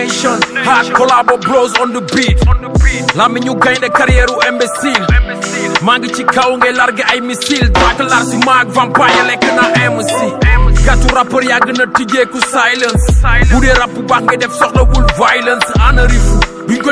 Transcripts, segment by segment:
la hard collabo bros on the ñu gaynde carrière u imbécile maa ngi ci kaw ngay largué ay missile droite lar si maag vampire lekk na MC gàttu rappeur yàgg na tijjeeku silence bu dee rap bu baax ngay def soxlawul violence ana rifu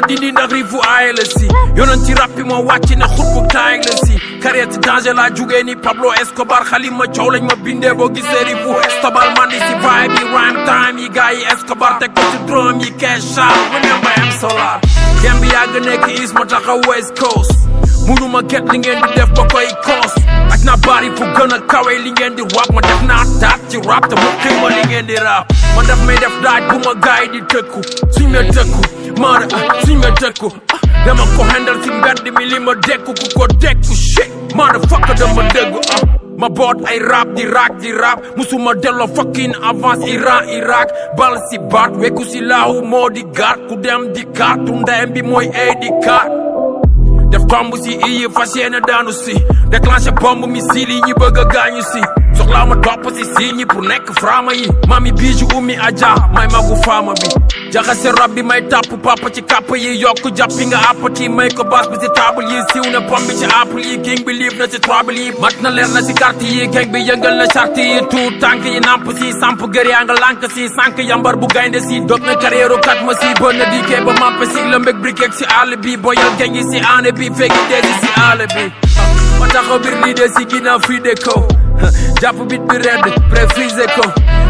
Didi ndagrivu ILC yonanti rappi moo wàcc ne xutbu KLC carrière danger laa jugee ni Pablo Escobar xalima coow lañ ma bindee boo gisee rivu estabal man ni vibe yi rhyme time yi gars yi Escobar teg ko ci drum yi cash out remember M Solar dem bi yàgg nekk is mo taxaw West Coast mënuma get li ngeen di def ba koy gën gonna li ngeen di rap ma def not taat ci rap te ma xëy ma li ngeen di rap ma def may def daaj bu ma gaay di tëkku suñ ma tëkku maara suñ ma tëkku dama ko xendal si mbedd mi li ma dekku ku ko dekku shit motherfucker fakk dama dëggu ah ma boot ay rap di rap, di rap musuma delloo fucking avance Iran Iraq, bal si baat wekku si di gar, ku dem di gar, tunda bi mooy ay di kaat def tomb si iyi fas yéene daanu si déclenché bombe missile yi ñi bëgg a gaañu si soxlaa ma topp si si ñi pour nekk fraama yi mami bii ji ummi aja may magu faama bi jaxase rab bi may tàpp papa ci kàpp yi yokk jàppi nga àppati may ko bas bi ci table yi siw na pom bi ci apple yi king bi liib na ci trouble yi mat leer na ci carte yi king bi yëngal na charte yi tout tànk yi namp si samp gër nga lànk si sànk yambar bu gaynde si dog na carrière kat ma si bën na dikee ba mampe si lëmbég brikeeg si àll bi boyal gang yi si aane bi fekki teegi si àll bi ma taxaw bir lii de si ginnaaw fii de ko jàpp bit bi redd préfrisé